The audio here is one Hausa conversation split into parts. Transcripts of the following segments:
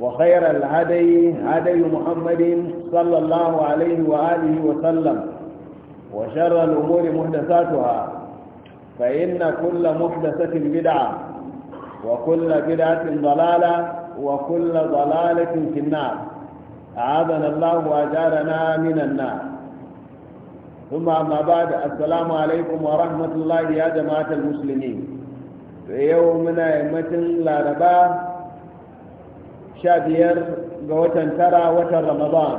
وخير الهدي هدي محمد صلى الله عليه وآله وسلم وشر الأمور محدثاتها فإن كل محدثة بدعة وكل بدعة ضلالة وكل ضلالة في النار أعاذنا الله وأجارنا من النار ثم أما بعد السلام عليكم ورحمة الله يا جماعة المسلمين في يومنا يمتن لا رباه sha ga watan tara watan ramadan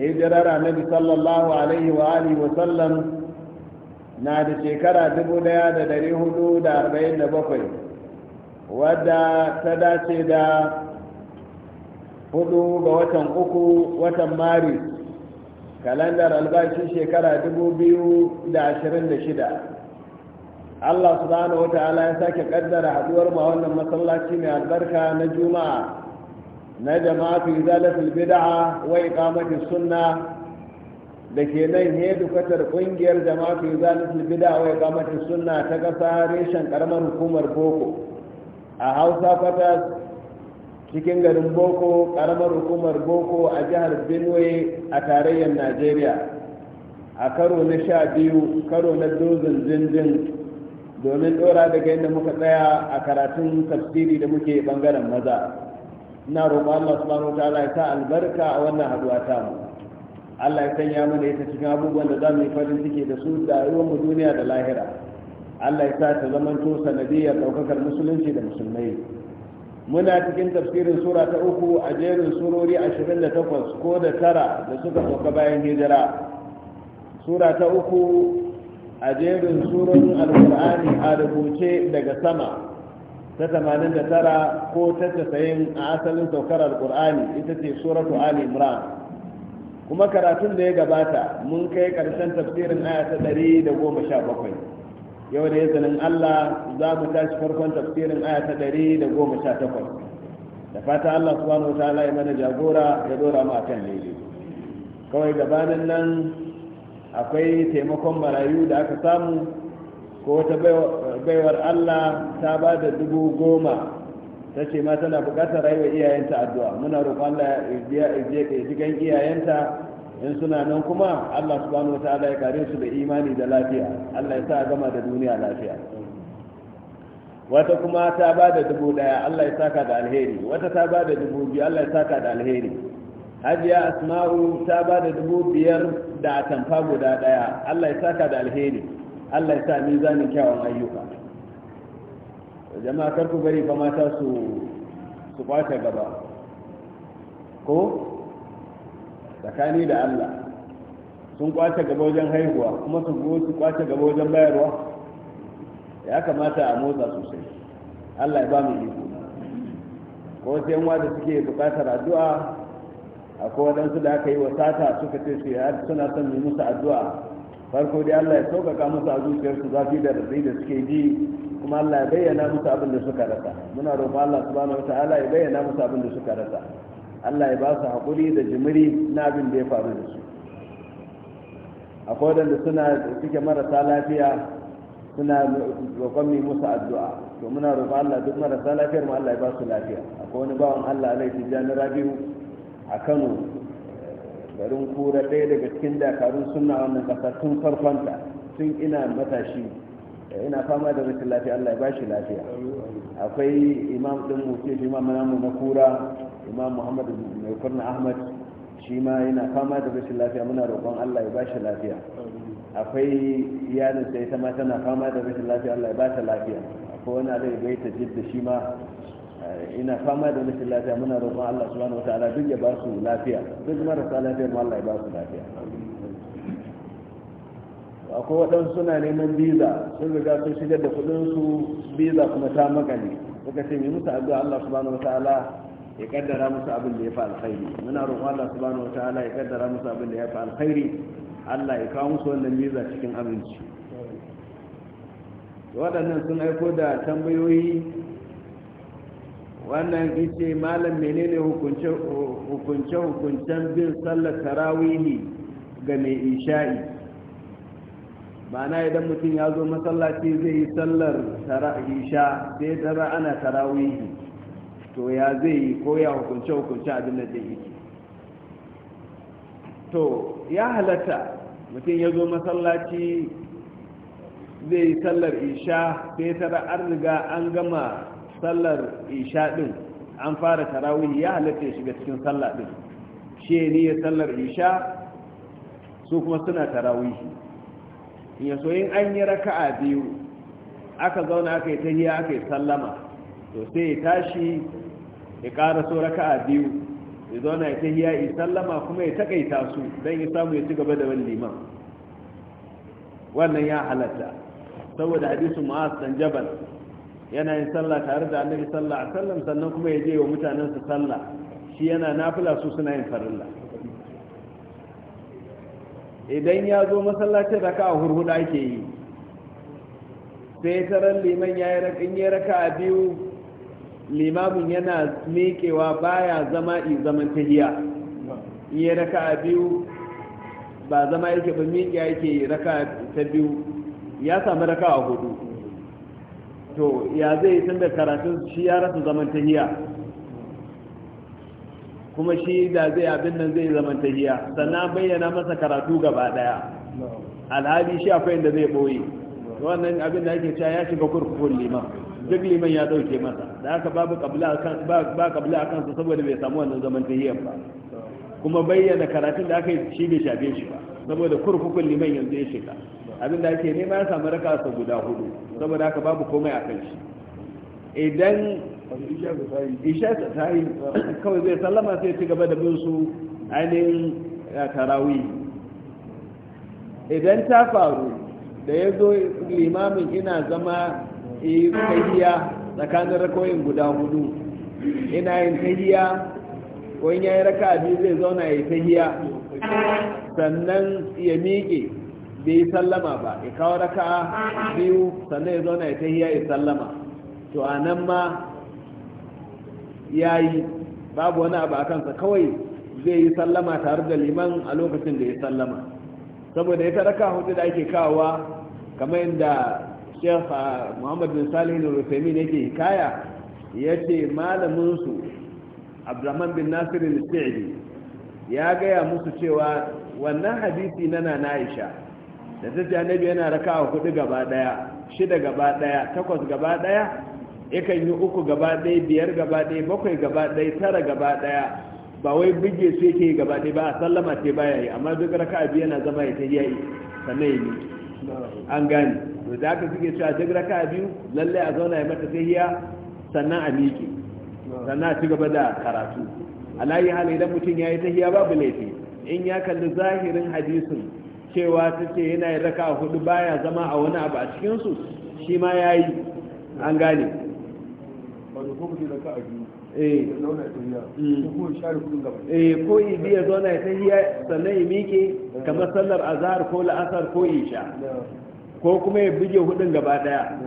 hijirar annabi sallallahu alaihi wa alihi wa sallam na da shekara 1447 wadda ta dace da hudu ga watan uku watan maris kalandar albashi shekara 2026 Allah subhanahu ta'ala ya sake kaddara haduwar mu a wannan masallaci mai albarka na juma'a na jama'atu izalatul bid'a wa iqamati sunna da ke nan hedukwatar kungiyar jama'atu izalatul bid'a wa iqamati sunna ta kasa reshen karamar hukumar boko a hausa kwatas cikin garin boko karamar hukumar boko a jihar benue a tarayyar najeriya a karo na sha biyu karo na dozin jinjin domin dora daga inda muka tsaya a karatun tafsiri da muke bangaren maza ina roƙo Allah subhanahu wa ta'ala ya sa albarka a wannan haduwa ta mu Allah ya sanya mana ita cikin abubuwan da za yi farin ciki da su da ruwan mu duniya da lahira Allah ya sa ta zamanto sanadiyar ɗaukakar musulunci da musulmai muna cikin tafsirin sura ta uku a jerin surori 28 ko da tara da suka sauka bayan hijira sura ta uku a jerin surorin alkur'ani a rubuce daga sama ta 89 ko ta 90 a asalin saukar alkur'ani ita ce suratu ali imran kuma karatun da ya gabata mun kai karshen tafsirin aya ta 117 yau da izinin allah za mu tashi farkon tafsirin aya ta 118 da fata Allah subhanahu wa ta'ala ya mana jagora ya dora mu akan daidai kawai gabanin nan akwai taimakon marayu da aka samu ko wata baiwar allah ta ba da dubu goma ta ce ma tana bukatar rayuwar iyayenta addu'a muna roƙon allah ya jigan iyayenta in suna nan kuma allah subhanahu wataala ya kare su da imani da lafiya allah ya sa a gama da duniya lafiya wata kuma ta ba da dubu daya allah ya saka da alheri wata ta ba da dubu biyu allah ya saka da alheri hajiya asma'u ta ba da dubu biyar da atamfa guda daya Allah ya saka da alheri Allah ya sa mizanin kyawun ayyuka jama'a kar ku bari fa mata su su kwace gaba ko tsakani da Allah sun kwace gaba wajen haihuwa kuma su go su kwace gaba wajen bayarwa ya kamata a motsa sosai Allah ya ba mu iko ko sai yan da suke bukatar addu'a akwai waɗansu da aka yi wa sata suka ce su ya suna son yi musu addu'a farko dai Allah ya sauƙaƙa musu a zuciyarsu zafi da rabi da suke ji kuma Allah ya bayyana musu abin da suka rasa muna roƙon Allah subhanahu ta'ala ya bayyana musu abin da suka rasa Allah ya ba su haƙuri da jimiri na abin da ya faru da su akwai waɗanda suna suke marasa lafiya suna roƙon mai musu addu'a to muna roƙon Allah duk marasa lafiyar mu Allah ya ba su lafiya akwai wani bawan Allah alaihi jami'a rabiu a kano garin kura ɗaya daga cikin dakarun suna wannan ƙasa tun farkonta tun ina matashi ina fama da rashin lafiya allah ya ba shi lafiya akwai imam ɗin mutum imam namu na kura imam muhammad mai kurna ahmad shi ma yana fama da rashin lafiya muna roƙon allah ya ba shi lafiya akwai iyalinsa ita ma tana fama da rashin lafiya allah ya ba ta lafiya akwai wani alai bai ta jidda shi ma ina fama da rashin lafiya muna roƙon Allah subhanahu ta'ala duk ya ba su lafiya duk marasa lafiya mu Allah ya ba su lafiya akwai waɗansu suna neman biza sun riga sun shigar da kuɗin su biza kuma ta makale suka ce mai musu addu'a Allah subhanahu ta'ala ya kaddara musu abin da ya fa alkhairi muna roƙon Allah subhanahu ta'ala ya kaddara musu abin da ya fa alkhairi Allah ya kawo musu wannan biza cikin aminci waɗannan sun aiko da tambayoyi wannan ita malam menene hukunce-hukuncen bin sallar tarawihi ga mai isha'i ma'ana idan mutum ya zo masallaci zai yi sallar isha sai tara ana tarawihi to ya zai yi ko ya hukunce-hukunce abin da zai yi to ya halatta mutum ya zo masallaci zai yi sallar isha sai tara an riga an gama sallar isha din an fara tarawih ya halatta ya shiga cikin sallah din shi ne ya sallar isha su kuma suna tarawih ya so in an yi raka'a biyu aka zauna aka yi tahiya aka yi sallama to sai ya tashi ya ƙara so raka'a biyu ya zauna ya tahiya ya sallama kuma ya takaita su don ya samu ya ci gaba da wani liman wannan ya halatta saboda hadisu ma'as dan jabal yana yin sallah tare da annabi sallah a sallam sannan kuma ya je wa mutanen su sallah shi yana nafila su suna yin farilla idan ya zo masallacin raka a hurhuda ake yi sai taron liman ya yi raka a biyu limamin yana mekewa baya zama i zaman tahiya iya raka a biyu ba zama yake ba miƙe yake raka ta biyu ya sami raka a hudu to ya zai san da karatun shi ya rasa zaman tahiya kuma shi da zai abin nan zai zaman tahiya sannan bayyana masa karatu gaba daya alhali shi akwai inda zai boye wannan abin da ake cewa ya shiga kurkukun liman duk liman ya dauke masa da haka babu kabila akan ba kabila akan su saboda bai samu wannan zaman tahiyar ba kuma bayyana karatun da aka yi shi bai shafe shi ba saboda kurkukun liman yanzu ya shiga abin da ake nema ya samu raka sa guda hudu saboda haka babu komai a kan shi idan isha ta yi kawai zai sallama sai ci gaba da bin su ainihin eh, tarawi idan ta faru da ya zo limamin ina zama eh, tahiya tsakanin rakoyin guda hudu ina yin tahiya wani ya yi raka biyu zai zauna ya yi tahiya sannan ya miƙe bai yi sallama ba ya kawo raka'a biyu sannan ya zauna ya tahiya ya sallama to a nan ma ya yi babu wani abu a kansa kawai zai yi sallama tare da liman a lokacin da ya sallama saboda ita raka hudu da ake kawowa kamar yadda shekh ah, muhammad bin salih bin rufemi ne ke hikaya ya ce malaminsu abdulrahman bin nasir al ya gaya musu cewa wannan hadisi na na aisha da tafiya annabi yana raka'a hudu gaba daya shida gaba daya takwas gaba daya yakan yi uku gaba daya biyar gaba daya bakwai gaba daya tara gaba daya ba wai buge su yake gaba daya ba a sallama ce baya yi amma duk raka'a biyu yana zama ya ta yi sannan ya yi an gane to da aka suke cewa duk raka'a biyu lalle a zauna ya mata tahiya sannan a miƙe sannan a ci gaba da karatu layi hali idan mutum ya yi tahiya babu laifi in ya kalli zahirin hadisin cewa ta ce yana yi raka a hudu baya zama a wani abu a cikinsu shi ma ya yi an gane ko ibi eh. mm. eh, ya zauna ya tahiya sannan ya mike eh. kamar sallar azhar ko la'asar ko isha ko kuma ya buge hudun gaba daya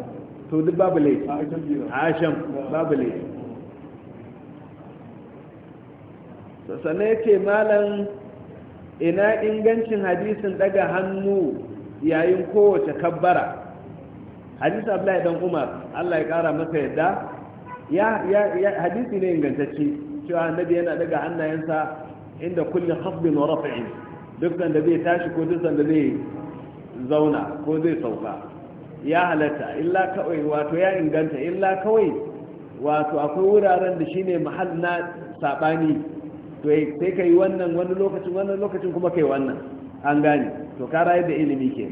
to duk babu laifi asham babu laifi sannan ya ce malam ina ingancin hadisin daga hannu yayin kowace kabbara hadisi abdullahi dan umar allah ya kara masa yadda ya hadisi ne ingantacce cewa annabi yana daga hannayensa inda kulli khafdin wa raf'in duk da zai tashi ko duk da zai zauna ko zai sauka ya halatta illa kawai wato ya inganta illa kawai wato akwai wuraren da shine mahal na sabani to eh, sai ka yi wannan wani lokacin wannan lokacin kuma ka yi wannan an gane to ka rayu da ilimi ke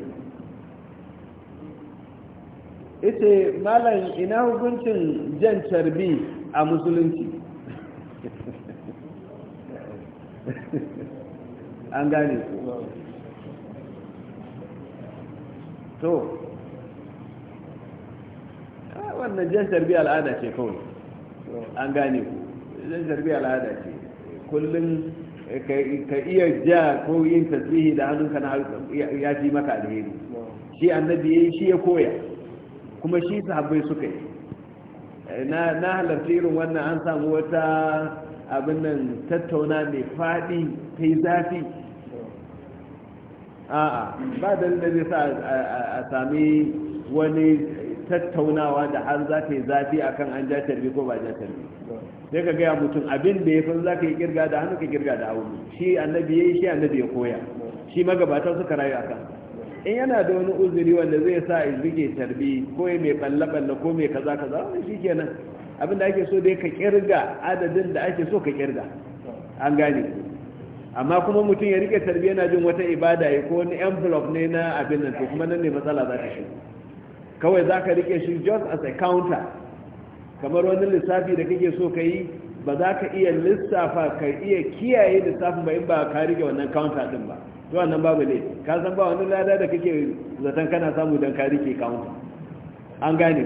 ita malam ina hukuncin jan carbi a musulunci an gane to wannan jan carbi al'ada ce kawai an gane ku jan carbi al'ada ce kullum ka iya ja ko yin tasbihi da hannun kana ya fi maka alheri shi annabi yayi shi ya koya kuma shi sahabbai suka yi eh, na halarci irin wannan an samu wata abin nan tattauna mai faɗi ta yi zafi a'a ba da zai sa a sami wani tattaunawa da har za ta yi zafi akan an ja tarbi ko ba ja tarbi sai ka gaya mutum abin da ya fi za ka yi kirga da hannu ka kirga da hannu shi annabi ya yi shi annabi ya koya shi magabata suka rayu kan in yana da wani uzuri wanda zai sa izbike tarbi ko ya mai balle-balle ko mai kaza kaza wani shi kenan abin da ake so dai ka kirga adadin da ake so ka kirga an gane amma kuma mutum ya rike tarbi yana jin wata ibada ya ko wani envelope ne na abin nan to kuma nan ne matsala za ta shigo kawai za ka rike shi just as a counter kamar wani lissafi da kake so ka yi ba za ka iya lissafa ka iya kiyaye lissafin ba in ba ka rike wannan counter din ba to wannan babu ne ka san ba wani lada da kake zaton kana samu don ka rike counter an gane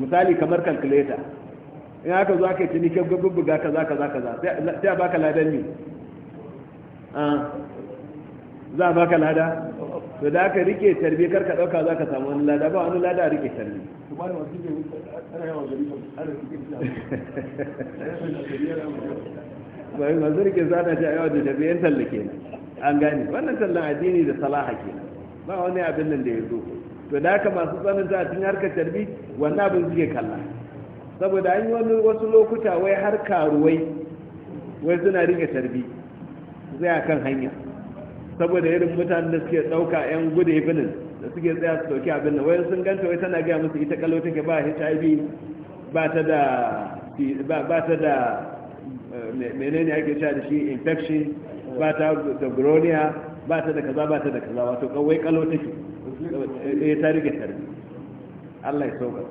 misali kamar calculator in aka zo aka yi cinikin gubbuga kaza kaza kaza sai a baka ladan ne ah, za a baka lada to da ka rike tarbi kar ka dauka za ka samu wani lada ba wani lada rike tarbi bai masu rike za ta yawa da tafiye yan talla ke an gani. wannan tallan addini da salaha ke ba wani abin nan da ya zo to da aka masu tsananta a cikin harkar tarbi wannan abin suke kalla saboda an yi wani wasu lokuta wai har karuwai wai suna rike tarbi zai a kan hanya saboda irin mutanen da suke ɗauka 'yan gudu ibinin da suke tsaya su ɗauki abin nan wai sun ganta wai tana gaya musu ita kallo take ba hiv ba ta da ba ta da eh, menene ake sha da shi infection ba ta da gronia ba ta da kaza ba ta da kaza wato kawai kallo take eh, eh ta rike tarbi Allah ya sauka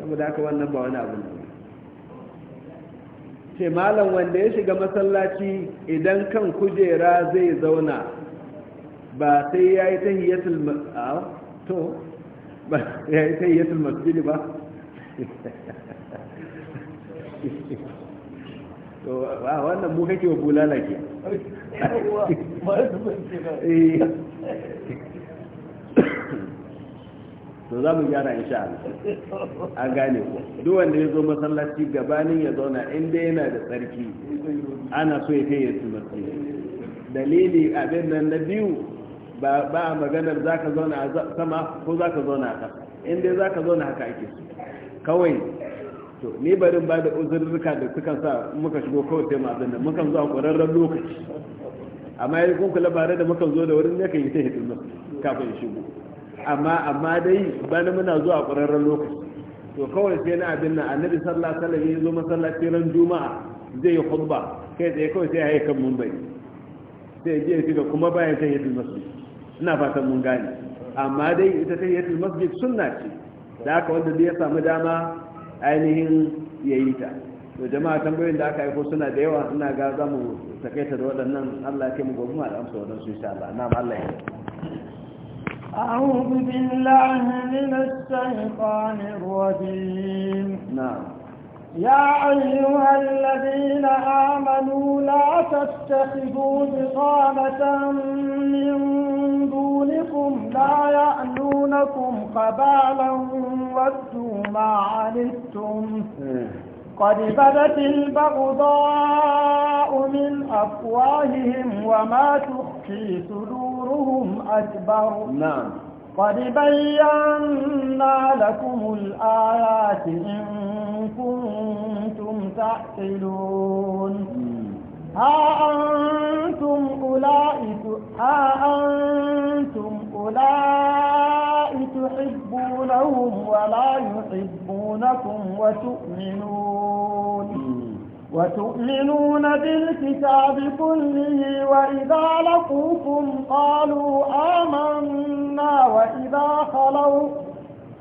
saboda haka wannan ba wani abu ne ce malam wanda ya shiga masallaci idan kan kujera zai zauna ba sai ya yi tahiyyatul to ba ya yi tahiyyatul masjid ba to ba wannan mu kake wa bulala ke eh. to za mu gyara insha Allah an gane ku duk wanda ya zo masallaci gabanin ya zauna inda yana da tsarki ana so ya kai ya su dalili abin nan na biyu ba a maganar za ka zauna a sama ko za ka zauna a ƙasa inda za ka zauna haka ake su kawai to ni barin ba da uzurruka da sukan sa muka shigo kawai sai ma abin da muka zo a ƙwararren lokaci amma ya kun kula labarai da muka zo da wurin ne kan yi ta hitin nan kafin shigo amma amma dai bana muna zuwa a ƙwararren lokaci to kawai sai na abin nan annabi sallah sallah ya zo masallaci ran juma'a zai yi khutba kai tsaye kawai sai ya haika mun bai sai ya je ya shiga kuma bayan ta hitin masjid ina fatan mun gane amma dai ita ta yi masjid sunna ce da aka wanda ya samu dama ainihin ya yi ta to jama'a tambayoyin da aka aiko suna da yawa ina ga za mu takaita da waɗannan allah ke mu gobe mu al'amsa waɗansu insha allah na allah ya أعوذ بالله من الشيطان الرجيم نعم يا أيها الذين آمنوا لا تتخذوا بطانة من منكم لا يعنونكم خبالا ودوا ما عنتم قد بدت البغضاء من أفواههم وما تخفي صدورهم أكبر نعم قد بينا لكم الآيات إن كنتم تعقلون ها أنتم أولئك ها أنتم هؤلاء تحبونهم ولا يحبونكم وتؤمنون وتؤمنون بالكتاب كله وإذا لقوكم قالوا آمنا وإذا خلوا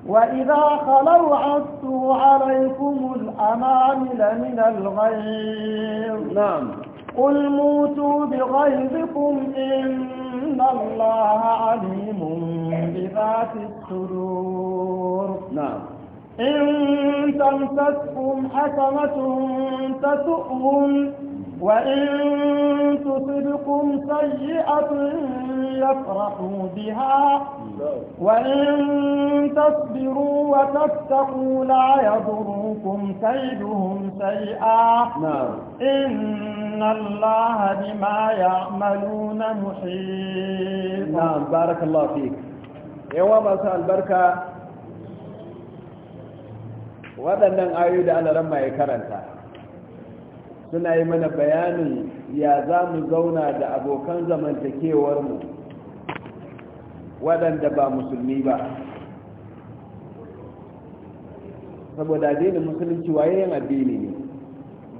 وإذا خلوا عدوا عليكم الأمامل من الغيظ نعم قل موتوا بغيظكم إن إن الله عليم بذات الصدور نعم إن تمسسكم حسنة تسؤهم وإن تصبكم سيئة يفرحوا بها وإن تصبروا وتتقوا لا يضركم كيدهم شيئا إن الله بما يعملون محيط نعم بارك الله فيك يوم مساء البركة waɗannan ayoyi da ana ramma karanta suna yi mana bayanin ya za mu zauna da abokan zamantakewarmu waɗanda ba musulmi ba saboda addinin musulunci waye yin addini ne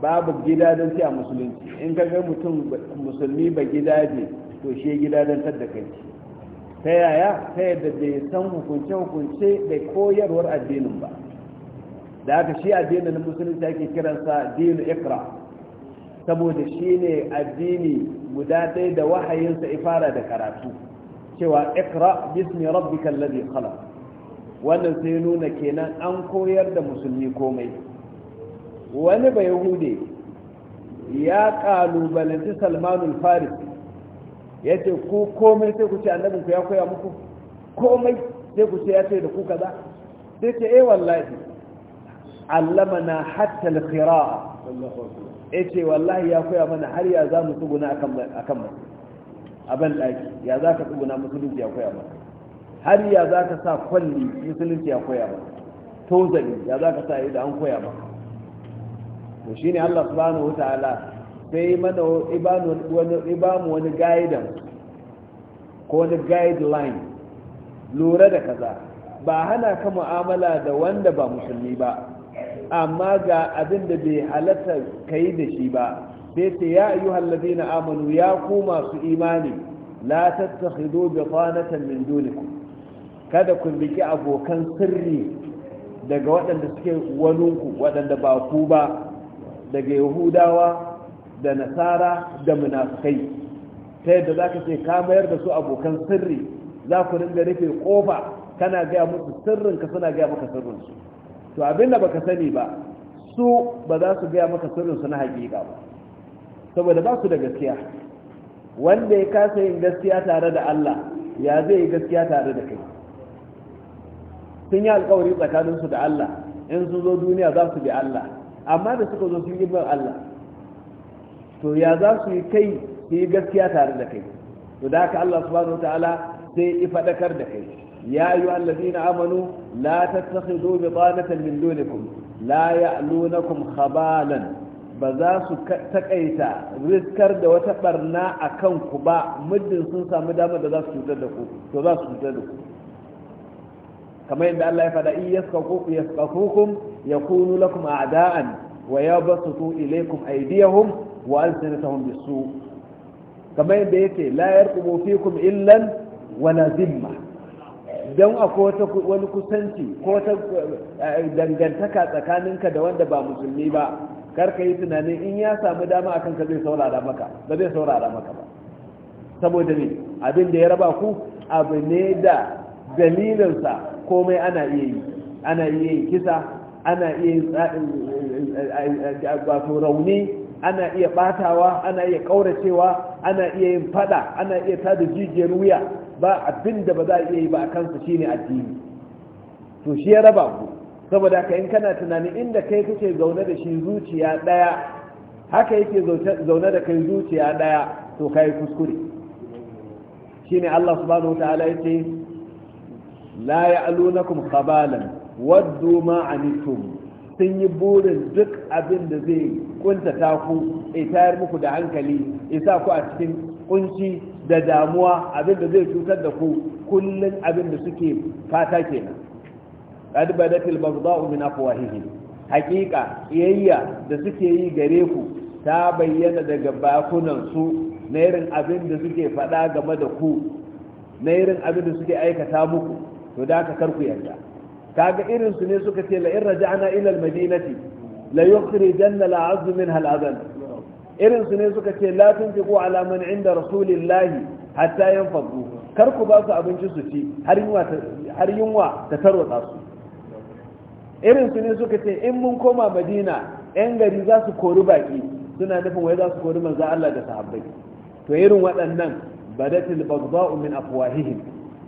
babu gida don a musulunci in ka ga mutum musulmi ba gida ne to shi gida don tadda kai ta yaya ta yadda bai san hukunce-hukunce da koyarwar addinin ba da haka shi addinin musulunci ake kiransa dinu ikra saboda shi ne addini guda ɗaya da wahayinsa fara da karatu cewa ikra bismi rabbika alladhi khalaq wannan sai nuna kenan an koyar da musulmi komai wani bai hude ya kalubalanci salmanul faris ya ce ku komai sai ku ce annabin ku ya koya muku komai sai ku ce ya ce da ku kaza sai ce eh wallahi allamana hatta al-qira'a eh ce wallahi ya koya mana har ya zamu tsuguna akan akan a ban ɗaki ya za ka tsuguna musulunci ya koya ba har ya za ka sa kwalli musulunci ya koya ba tozali ya za ka sa da an koya ba to shine Allah subhanahu ta'ala sai mana ibamu wani gaidan ko wani guideline lura da kaza ba hana ka mu'amala da wanda ba musulmi ba amma ga abin da bai halatta yi da shi ba sai ce ya ayyuhal na amanu ya ku masu imani la tattakhidu bitanatan min dunikum kada ku biki abokan sirri daga waɗanda suke waninku waɗanda ba ku ba daga yahudawa da nasara da munafikai ta yadda za ka ce ka mayar da su abokan sirri za ku ringa rufe ƙofa kana gaya musu sirrinka suna gaya maka sirrinsu to abin da baka sani ba su ba za su gaya maka sirrinsu na hakika ba saboda ba su da gaskiya wanda ya kasa yin gaskiya tare da Allah ya zai yi gaskiya tare da kai sun yi alkawari tsakaninsu da Allah in sun zo duniya za su bi Allah amma da suka zo sun yi bin Allah to ya za su yi kai su yi gaskiya tare da kai to da haka Allah subhanahu wa ta'ala sai ya faɗakar da kai ya ayu allazina amanu la tattakhidhu bitanatan min dunikum la ya'lunakum khabalan ba za su takaita riskar da wata barna a kan ku ba muddin sun samu damar da za su cutar da ku to za su cutar da ku kamar yadda Allah ya faɗa in yaskaku yaskakukum yakunu lakum a'da'an wa yabsutu ilaykum aydiyahum wa alsinatahum bisu kamar yadda yake la yarqubu fikum illan wala zimma dan akwai wata wani kusanci ko ta eh, dangantaka tsakaninka da wanda ba musulmi ba kar ka yi tunani in ya samu dama akan ka zai saurara maka ba zai saurara maka ba saboda ne abin da ya raba ku abu ne da dalilinsa komai ana iya yi ana iya yin kisa ana iya yin eh, eh, wato rauni ana iya batawa ana iya kauracewa ana iya yin fada ana iya tada jijiyar wuya ba abin da ba za a iya yi ba a kansa shine addini to shi ya raba ku saboda ka in kana tunani inda kai kake zaune da shi zuciya daya haka yake zaune da kai zuciya daya to kai kuskure shine Allah subhanahu wataala yace la ya'lunakum khabalan waddu ma anitum sun yi burin duk abin da zai ƙuntataku, ku tayar muku da hankali isa ku a cikin kunci da damuwa abin da zai cutar da ku kullun abin da suke fata kenan qad badatil baghdha'u min afwahihim haqiqa iyayya da suke yi gare ku ta bayyana daga bakunan su na irin abin da suke faɗa game da ku na irin abin da suke aikata muku to da ka karku yarda kaga irin su ne suka ce la in raja'na ila al-madinati la yukhrijanna la azm minha al adan irin su ne suka ce la tunfiqu ala man 'inda rasulillahi hatta yanfadu kar ku ba su abinci su ci har yunwa ta tarwatsa su irin su ne suka ce in mun koma madina yan gari za su kori baki suna nufin wai za su kori manzo Allah da sahabbai to irin waɗannan badatil baghdha'u min afwahihim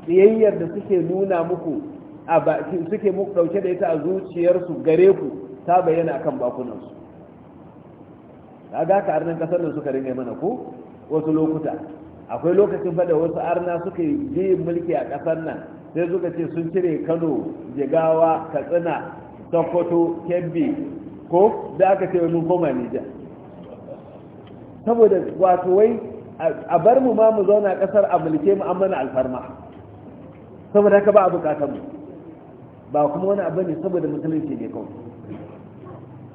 kiyayyar da suke nuna muku a baki suke muku dauke da ita a zuciyarsu gare ku ta bayyana akan bakunansu kaga ka arnan kasar da suka ringa mana ko wasu lokuta akwai lokacin fa da wasu arna suka yi mulki a kasar nan sai suka ce sun cire kano jigawa katsina sokoto kebbi ko da aka ce mun koma nijar saboda wato wai a bar mu ma mu zauna kasar a mulke mu an mana alfarma saboda haka ba a bukatar mu ba kuma wani abu ne saboda musulunci ne kawai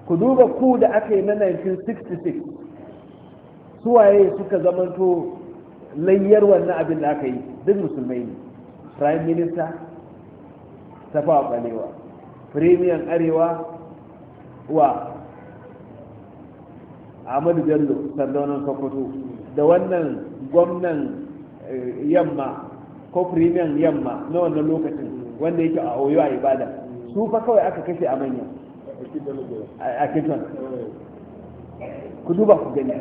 ku duba ku da aka yi na 1966 suwaye suka zamanto layyar wannan abin da aka yi duk musulmai ne prime minister tafa balewa premier arewa wa ahmadu bello sardaunan sokoto da wannan gwamnan eh, yamma ko premier yamma na wannan lokacin wanda yake a oyo a ibada su fa kawai aka kashe a manya a kitan ku duba ku gani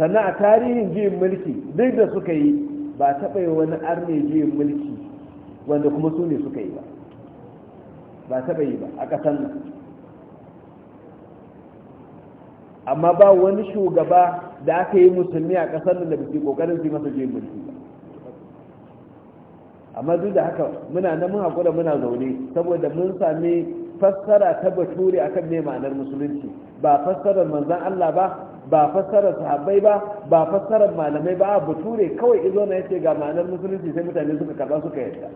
sannan a tarihin juyin mulki duk da suka yi ba taɓa yi wani arne juyin mulki wanda kuma su ne suka yi ba ba taɓa yi ba a ƙasan nan amma ba wani shugaba da aka yi musulmi a ƙasar nan da bisi su ƙoƙarin su yi masa juyin mulki ba amma duk da haka muna nan mun haƙura muna zaune saboda mun sami fassara ta bature akan me ma'anar musulunci ba fassarar manzon Allah ba ba fassarar sahabbai ba ba fassarar malamai ba bature kawai izo na yace ga ma'anar musulunci sai mutane suka karba suka yarda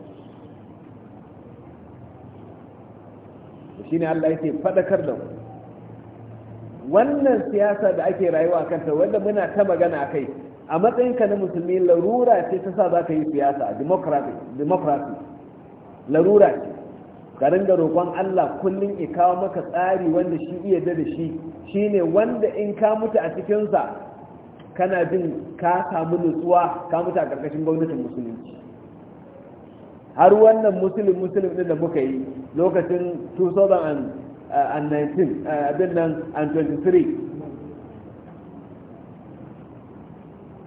shine Allah yake fadakar da mu wannan siyasa da ake rayuwa kanta wanda muna ta magana kai a matsayin ka na musulmi larura ce ta sa za ka yi siyasa democracy larura ce ka ringa roƙon Allah kullum ya kawo maka tsari wanda shi iya da shi shine wanda in ka mutu a cikinsa kana jin ka samu nutsuwa ka mutu a ƙarƙashin gwamnatin musulunci har wannan musulun musulun ɗin da muka yi lokacin 2019 23 eh,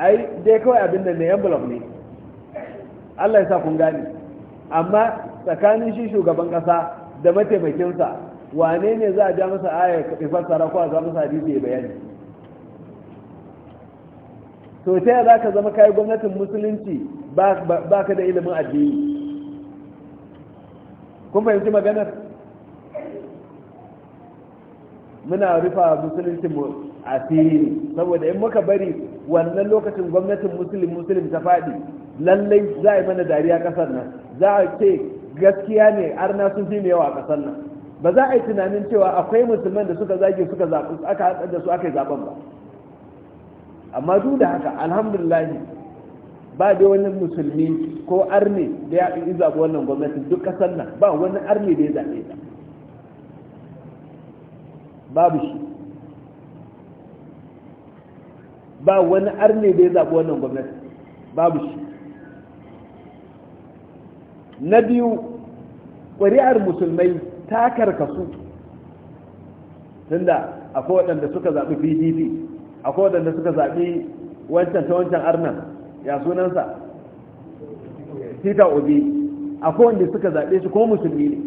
ai dai kawai abin da ne envelope ne Allah ya sa kun gane amma tsakanin shi shugaban kasa da mataimakinsa wane ne za a ja masa ayar ya fassara ko a za masa hadisi ya bayani to ta za ka zama kayi gwamnatin musulunci ba ka da ilimin addini kun fahimci maganar muna rufa musulunci mu a asiri saboda in muka bari wannan lokacin gwamnatin musulun musulun ta faɗi lallai za a yi mana dariya ƙasar nan za a ce gaskiya ne arna sun fi yawa a ƙasar nan ba za a yi tunanin cewa akwai musulman da suka zage suka zaɓi aka haɗa da su aka yi zaɓen ba amma duk da haka alhamdulillah ba da wani musulmi ko arni da ya yi zaɓi wannan gwamnati duk ƙasar nan ba wani arni da ya zaɓe ta babu shi ba wani arni da ya zaɓi wannan gwamnati babu shi na biyu ƙuri'ar musulmai ta karkasu tunda akwai waɗanda suka zaɓi pdp akwai waɗanda suka zaɓi wancan ta wancan arnan ya sunansa peter obi akwai wanda suka zaɓe shi ko musulmi ne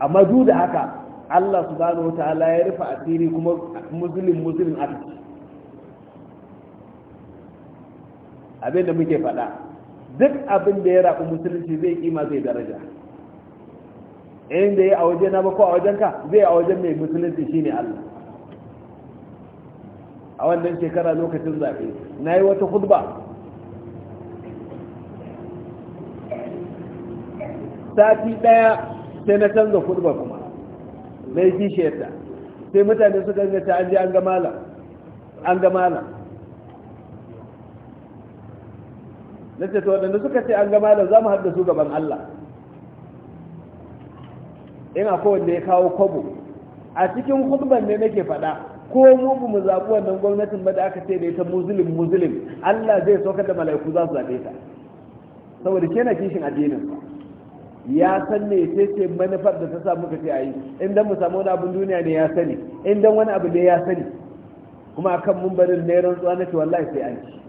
amma duk da haka allah subhanahu wa ta'ala ya rufe asiri kuma musulun musulun arziki abin da muke faɗa duk abin da ya rabu musulunci zai kima zai daraja inda ya a waje na ba ko a wajen ka zai a wajen mai musulunci shine Allah a wannan shekara lokacin zafi na yi wata hudba sati ɗaya sai na canza hudba kuma na yi kishiyarta sai mutane suka ta an ji an ga an ga malam na ce to waɗanda suka ce an gama da za mu haɗa su gaban Allah ina kowanne ya kawo kwabo a cikin hudban ne nake faɗa ko mu ba mu zaɓi wannan gwamnatin ba da aka ce da ita Muslim Muslim Allah zai saukar da mala'iku za su zaɓe ta saboda ke na kishin addinin ya san ne sai ce manufar da ta samu muka ce a yi in mu samu wani abin duniya ne ya sani in wani abu ne ya sani kuma akan mun barin ne tsuwa na ce wallahi sai an ci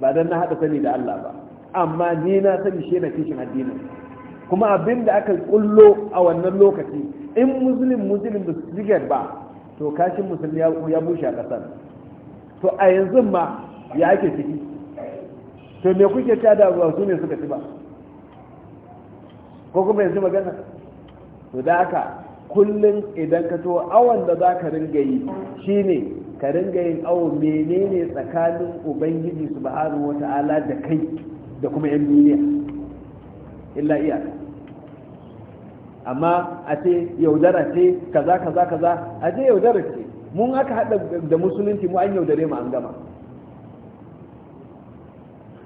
ba don na haɗa sani da Allah ba amma ni na sani shi na kishin addinin kuma abin da aka kullo a wannan lokaci in musulun musulun da su ba to kashin musulun ya bushe a ƙasar to a yanzu ma ya ake ciki to me kuke ta da ruwa su ne suka ci ba ko kuma yanzu magana to da aka kullum idan ka to awon da za ka ringa yi shine ka ringa yin awo menene tsakanin ubangiji subhanahu wata'ala da kai da kuma yan duniya illa iya amma a ce yaudara ce kaza kaza kaza a ce yaudara ce mun aka hada da musulunci mu an yaudare mu an gama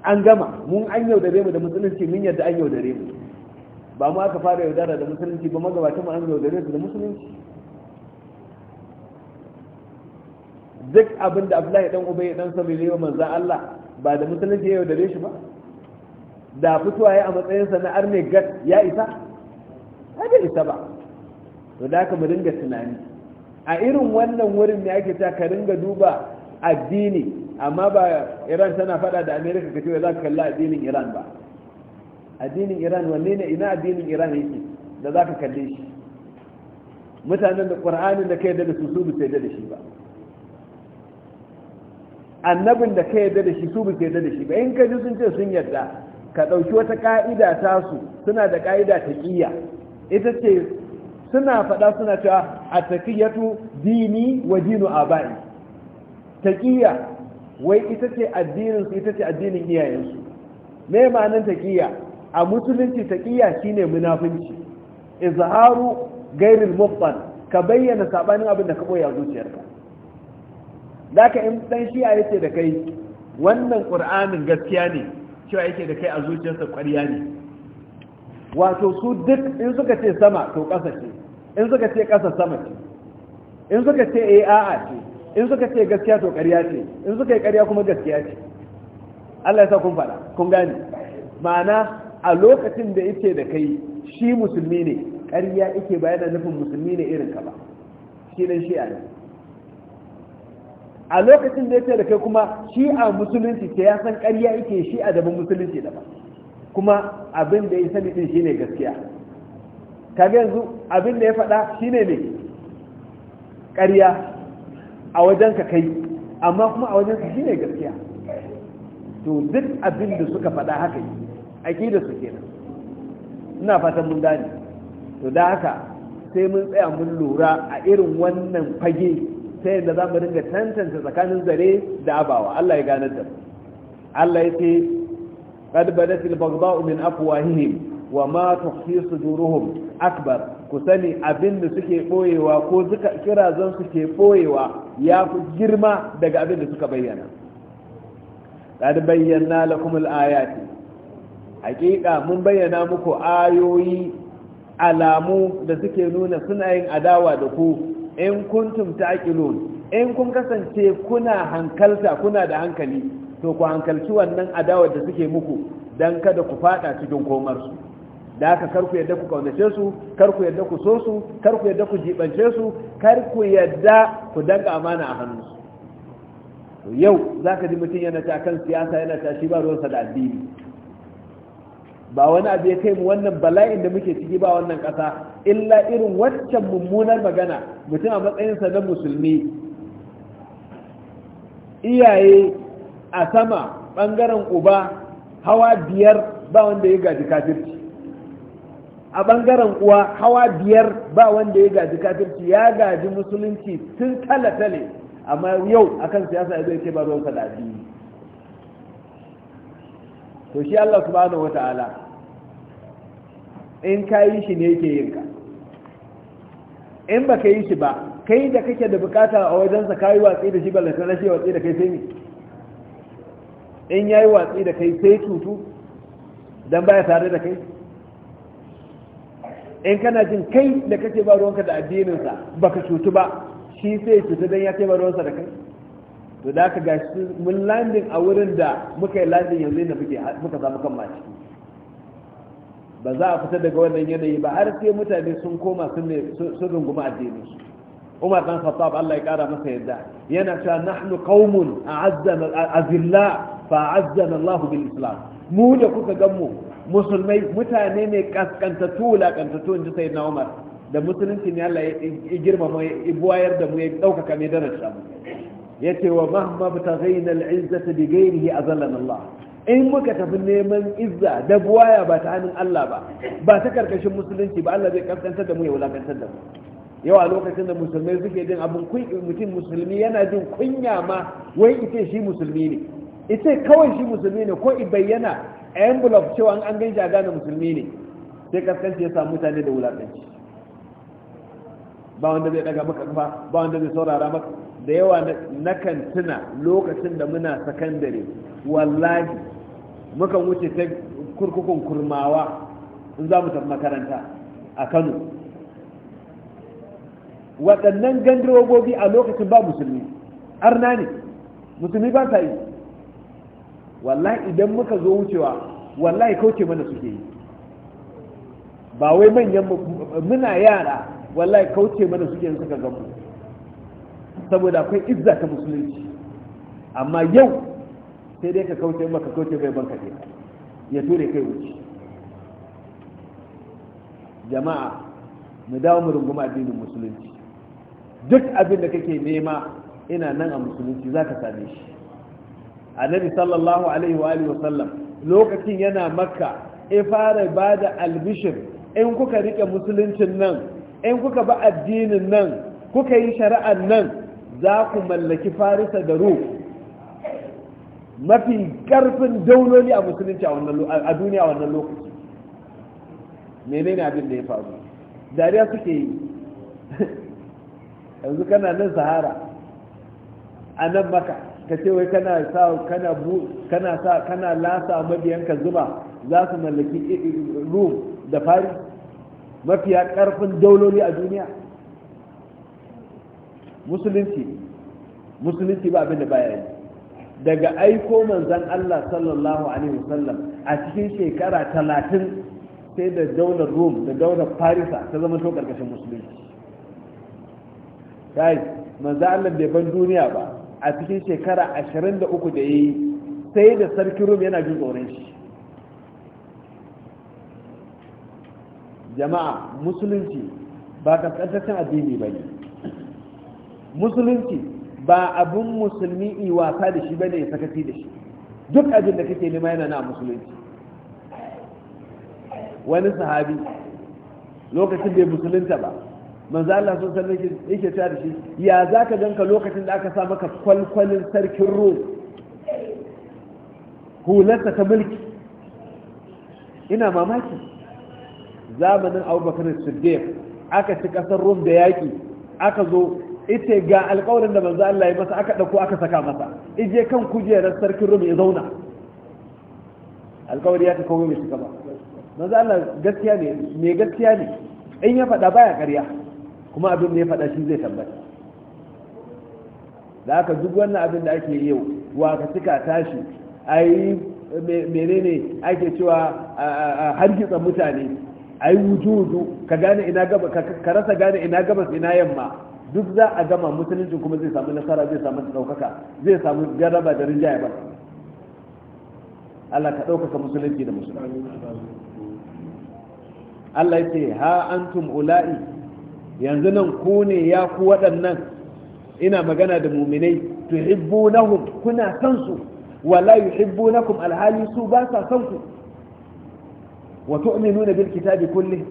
an gama mun an yaudare mu da musulunci mun yadda an yaudare mu ba mu aka fara yaudara da musulunci ba magabata mu an yaudare su da musulunci duk abin da abdullahi dan ubay dan sabai ne manzon Allah ba da musulunci ya yaudare shi ba da fitowa ya a sa na arne gat ya isa bai isa ba to da ka mu dinga tunani a irin wannan wurin ne ake ta ka ringa duba addini amma ba iran tana fada da america ka cewa za ka kalli addinin iran ba addinin iran wanne ne ina addinin iran yake da za ka kalle shi mutanen da ƙur'anin da ka da su su sai da shi ba annabin da ka yarda da shi su ba da shi ba in ka ji sun ce sun yarda ka ɗauki wata ƙa'ida ta su suna da ƙa'ida ta ƙiyya ita ce suna faɗa suna cewa a taƙiyatu dini wa dinu abai taƙiyya wai ita ce addinin su ita ce addinin iyayensu me ma'anar taƙiyya a musulunci ta taƙiyya shine munafunci izharu gairil mubtan ka bayyana sabanin abin da ka boye a zuciyarka zaka in dan shi'a yake da kai wannan qur'anin gaskiya ne cewa yake da kai a zuciyarsa ƙwarya ne wato su duk in suka ce sama to ƙasa ce in suka ce ƙasa sama ce in suka ce eh a'a ce in suka ce gaskiya to ƙarya ce in suka yi ƙarya kuma gaskiya ce Allah ya sa kun faɗa kun gane ma'ana a lokacin da yake da kai shi musulmi ne ƙarya yake bayan nufin musulmi ne irin ka ba shi dan shi'a ne a lokacin da ya ce da kai kuma shi a musulunci ce ya san ƙarya yake shi a daban musulunci da ba, kuma abin da ya sani din shine gaskiya kaga yanzu abin da ya faɗa shine ne ƙarya a wajen ka kai amma kuma a wajen ka shine gaskiya to duk abin da suka faɗa haka yi aƙida su kenan ina fatan mun gane to da haka sai mun tsaya mun lura a irin wannan fage ta yadda za mu dinga tantance tsakanin zare da abawa Allah ya ganar da Allah ya ce qad badatil baghdhau min afwahihim wa ma tukhfi suduruhum akbar ku sani abin da suke boyewa ko kira zan suke boyewa ya fi girma daga abin da suka bayyana qad bayyana lakum al-ayati hakika mun bayyana muku ayoyi alamu da suke nuna suna yin adawa da ku in kuntum taqilun in kun kasance kuna hankalta kuna da hankali to ku hankalci wannan adawar da suke muku dan kada ku fada cikin komar su da haka kar ku yadda ku kaunace su kar ku yadda ku so su kar ku yadda ku jibance su kar ku yadda ku danka amana a hannu to yau zaka ji mutum yana ta kan siyasa yana ta shi ba sa da addini ba wani abu ya kai mu wannan bala'in da muke ciki ba wannan ƙasa illa irin waccan mummunar magana mutum a matsayinsa na musulmi iyaye a sama ɓangaren uba hawa biyar ba wanda ya gaji kafirci a ɓangaren uwa hawa biyar ba wanda ya gaji kafirci ya gaji musulunci tun tale-tale amma yau akan siyasa ya zai ce ba ruwan da to shi Allah subhanahu ta'ala. in ka yi shi ne ke yin ka in ba ka yi shi ba kai da kake da bukata a wajensa ka yi watsi da shi ba lantar rashe watsi da kai sai ne in ya yi watsi da kai sai cutu don baya tare da kai in kana jin kai da kake ba ruwanka da addininsa ba ka cutu ba shi sai cutu don ya ce ba ruwansa da kai to da aka gashi mun landin a wurin da muka yi landing yanzu da muka samu kan mace ba za a fita daga wannan yanayi ba har sai mutane sun koma sun runguma addinin umar dan khattab Allah ya kara masa yadda yana cewa nahnu qaumun a'azzana azilla fa a'azzana Allah bil islam mu da kuka gan mu musulmai mutane ne kaskantatu wulakantattu sayyidina umar da musulunci ne Allah ya girmama ya buwayar da mu ya dauka mai daraja mu yace wa mahma bataghayna al-izzata bi ghayrihi azallana Allah in muka tafi neman izza da buwaya ba ta hannun Allah ba ba ta karkashin musulunci ba Allah zai kaskantar da mu ya wulakantar da mu yawa lokacin da musulmai suke jin abin mutum musulmi yana jin kunya ma wai ita shi musulmi ne ita kawai shi musulmi ne ko i bayyana envelope cewa an gan jaga na musulmi ne sai kaskanci ya samu mutane da wulakanci ba wanda zai daga maka kafa ba wanda zai saurara maka da yawa na kan tuna lokacin da muna sakandare wallahi mukan wuce ta kurkukun kurmawa in za mu tafi makaranta a kano waɗannan gandirogogi a lokacin ba musulmi arna ne musulmi ba sa yi wallahi idan muka zo wucewa wallahi kauce mana suke yi ba wai manyan muna yara wallahi kauce mana suke yin suka gamu saboda akwai izza ta musulunci amma yau sai dai ka kauce maka kauce bai banka ne ya ture kai wuce jama'a mu dawo mu runguma addinin musulunci duk abin da kake nema ina nan a musulunci za ka same shi annabi sallallahu alaihi wa alihi wasallam lokacin yana makka in fara ba da albishir in kuka rike musuluncin nan in kuka ba addinin nan kuka yi shari'an nan za ku mallaki farisa da ruh mafi karfin dauloli a musulunci a duniya a wannan lokaci menene abin da ya faru dariya suke yi yanzu kana nan sahara a nan maka ka ce wai kana sa kana bu kana sa kana lasa mabiyanka zuba za su mallaki eh, eh, rum da fari mafiya karfin dauloli a duniya musulunci musulunci ba abin da baya yi daga aiko manzan Allah sallallahu alaihi wasallam a cikin shekara talatin sai da daular Rome da daular Farisa ta zama to karkashin musulunci kai manzan Allah bai ban duniya ba a cikin shekara ashirin da uku da ya yi sai da sarki Rome yana jin tsoron shi jama'a musulunci ba kaskantaccen addini ba ne musulunci ba abin musulmi i wasa da shi ne ya sakaci da shi duk abin da kake nema yana na musulunci wani sahabi lokacin bai musulunta ba manzo Allah sun san yake ta da shi ya zaka ganka lokacin da aka sa maka kwalkwalin sarkin Rom hulata ta mulki ina mamaki zamanin Abubakar Siddiq aka ci kasar rum da yaki aka zo ita ga alƙawarin da manzo Allah ya masa aka ɗauko aka saka masa ije kan kujerar sarkin rum ya zauna alƙawari ya ta kawo mai shiga ba manzo Allah gaskiya ne mai gaskiya ne in ya faɗa baya ƙarya kuma abin da ya faɗa shi zai tabbata da aka duk wannan abin da ake yau wa ka cika tashi ai menene ake cewa hargitsa mutane ai wujudu ka gane ina gaba ka rasa gane ina gabas ina yamma duk za a gama musulunci kuma zai samu nasara zai samu ɗaukaka zai samu jaraba da rinjaya ba Allah ka ɗaukaka musulunci da musulunci Allah ya ce ha antum ula'i yanzu nan ku ne ya ku waɗannan ina magana da muminai tuhibbunahum kuna san su wala yuhibbunakum alhali su ba sa san ku wa tu'minuna bil kitabi kullih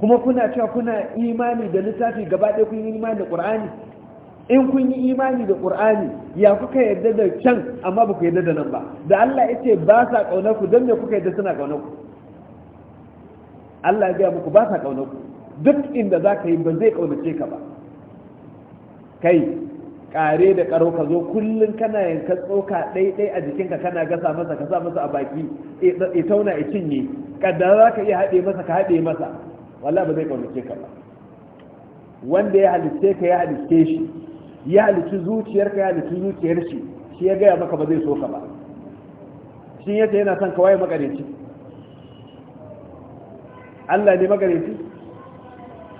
kuma kuna cewa kuna imani da littafi gaba ɗaya kun yi imani da ƙur'ani in kun yi imani da ƙur'ani ya kuka yarda da can amma ba ku yarda da nan ba da Allah ya ce ba sa ƙaunar ku don me kuka yarda suna ƙaunar ku Allah ya gaya muku ba sa ƙaunar ku duk inda za ka yi ba zai ƙaunace ka ba kai kare da karo ka zo kullum kana yanka tsoka ɗaiɗai a jikinka kana gasa masa ka sa masa a baki ya tauna ya cinye kaddara za ka iya haɗe masa ka haɗe masa wallahi ba zai kaunace ka ba wanda ya halitte ka ya halitte shi ya halitti zuciyarka ya halitti zuciyar shi shi ya gaya maka ba zai so ka ba shi yace yana son ka waye Allah ne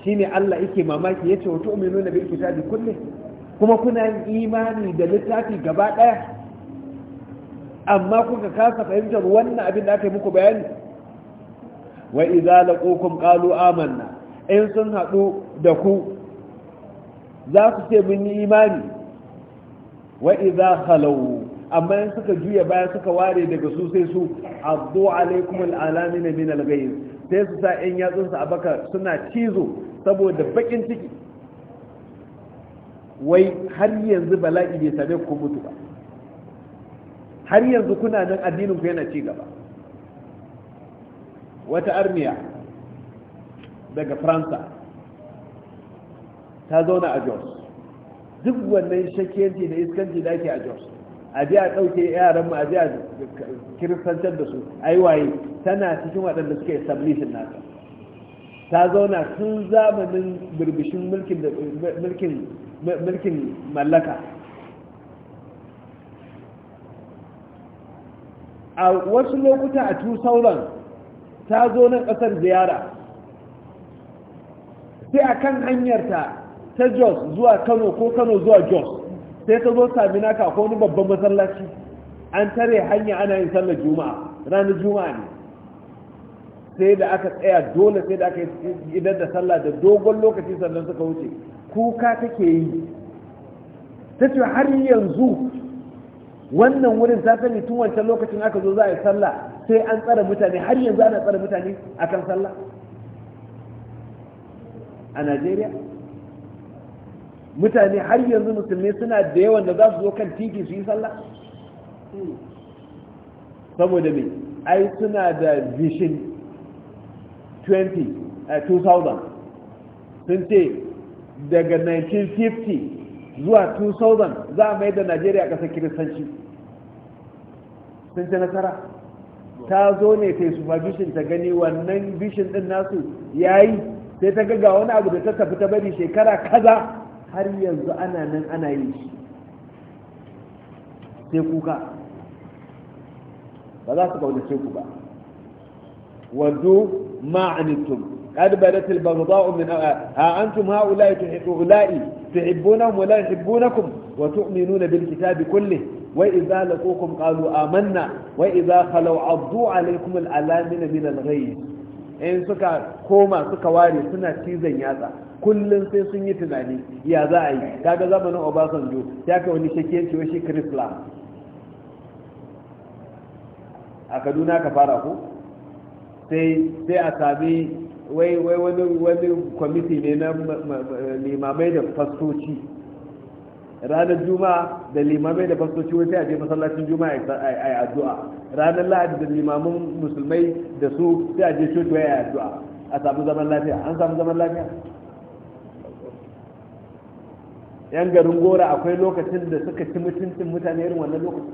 shi ne Allah yake mamaki yace wa na bil kitabi kulli kuma kuna yin imani da littafi gaba daya amma kuka kasa fahimtar wannan abin da aka yi muku bayani wa idza laqukum qalu amanna in sun hadu da ku za su ce mun yi imani wa idza khalaw amma in suka juya baya suka ware daga su sai su addu alaikum alalamin min alghayb sai su sa in yatsun su abaka suna cizo saboda bakin ciki wai har yanzu bala'i bai same ku mutu ba har yanzu kuna nan addinin ku yana ci gaba wata armiya daga faransa ta zauna a jos duk wannan shakiyanci da iskanci da ake a jos a je a ɗauke yaran mu a je a kiristantar da su aiwaye tana cikin waɗanda suka yi submission nata ta zauna tun zamanin birbishin mulkin mallaka a wasu lokuta a tu sauran ta zo nan ƙasar ziyara sai a kan hanyarta ta jos zuwa kano ko kano zuwa jos sai ta zo sami naka ko wani babban masallaci an tare hanya ana yin sallar juma'a ranar juma'a ne sai da aka tsaya dole sai da aka idan da sallah da dogon lokaci sannan suka wuce kuka take yi ta ce har yanzu wannan wurin ta sani tun wancan lokacin aka zo za a yi sallah sai an tsara mutane har yanzu ana tsara mutane akan sallah a najeriya mutane har yanzu musulmi suna da yawan da za su zo kan titi su yi sallah saboda me ai suna da vision 20 2000 eh, sun ce daga 1950 zuwa 2000 za a mai da najeriya ƙasar kiristanci sun ce nasara ta zo ne ta yi bishin ta gani wannan bishin din nasu ya yi sai ta gaga wani abu da ta tafi ta bari shekara kaza har yanzu ana nan ana yi shi sai kuka ba za su kaunace ku ba wanzu ma'anittum قد بدت البغضاء من ها أنتم هؤلاء تحبونهم ولا يحبونكم وتؤمنون بالكتاب كله wa idza laqukum qalu amanna wa idza khalaw addu alaykum alamin min alghayb in suka koma suka ware suna cizon yatsa kullum sai sun yi tunani ya za a yi kaga zamanin obasanjo ya kai wani shakiyanci wa shi krisla a kaduna ka fara ku sai a sami wai wani kwamiti ne na limamai da fastoci ranar juma'a da limamai da fastoci wai sai a je masallacin juma'a a yi addu'a ranar lahadi da limamin musulmai da su sai a je coci wai a yi addu'a a samu zaman lafiya an samu zaman lafiya yan garin gora akwai lokacin da suka ci mutuncin mutane irin wannan lokacin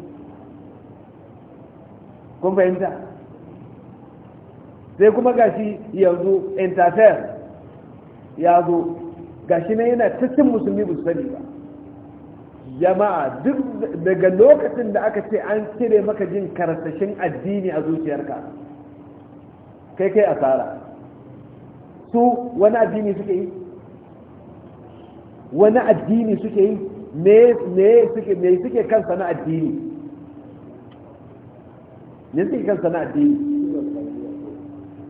kun fahimta sai kuma gashi yanzu interfere ya zo gashi na yana cikin musulmi ba su sani ba jama'a duk daga lokacin da aka ce an cire maka jin karsashin addini a zuciyarka kai kai asara su wani addini suke yi wani addini suke yi me suke kansa na addini ne suke kansa na addini